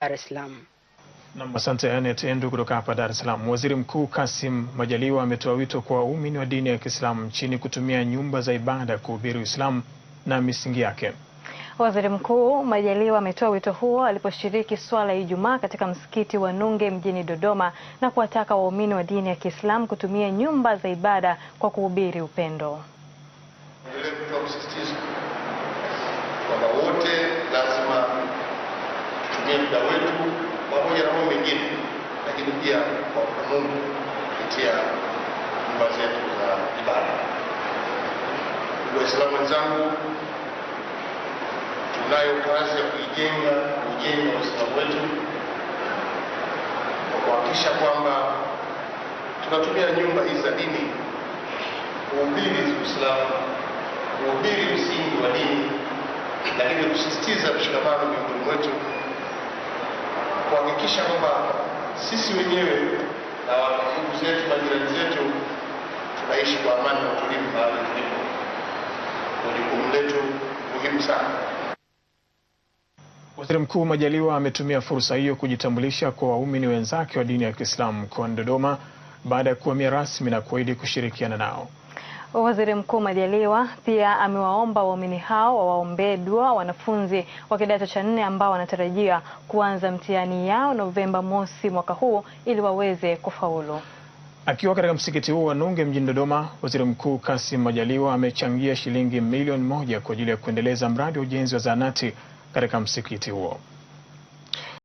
Dar es Salaam. Nam, asante Anet Endu kutoka hapa Dar es Salaam. Waziri Mkuu Kasim Majaliwa ametoa wito kwa waumini wa dini ya Kiislamu nchini kutumia nyumba za ibada kuhubiri Uislamu na misingi yake. Waziri Mkuu Majaliwa ametoa wito huo aliposhiriki swala ya Ijumaa katika msikiti wa Nunge mjini Dodoma na kuwataka waumini wa dini ya Kiislamu kutumia nyumba za ibada kwa kuhubiri upendo kutumia muda wetu pamoja na mambo mengine, lakini pia kwa Mungu kupitia nyumba zetu za ibada. Waislamu wenzangu, tunayo kazi ya kuijenga kujenga waislamu wetu kwa kuhakikisha kwamba tunatumia nyumba hizi za dini kuhubiri Uislamu, kuhubiri msingi wa dini, lakini kusisitiza mshikamano miongoni mwetu kuhakikisha kwamba sisi wenyewe na ndugu zetu jirani zetu tunaishi kwa amani na utulivu mahali tulipo. jukumu letu muhimu sana. Waziri Mkuu Majaliwa ametumia fursa hiyo kujitambulisha kwa waumini wenzake wa dini ya Kiislamu mkoani Dodoma baada ya kuhamia rasmi na kuahidi kushirikiana nao. Waziri Mkuu Majaliwa pia amewaomba waumini hao wawaombee dua wanafunzi wa kidato cha nne ambao wanatarajia kuanza mtihani yao Novemba mosi mwaka huu ili waweze kufaulu. Akiwa katika msikiti huo wa Nunge mjini Dodoma, Waziri Mkuu Kassim Majaliwa amechangia shilingi milioni moja kwa ajili ya kuendeleza mradi wa ujenzi wa zahanati katika msikiti huo.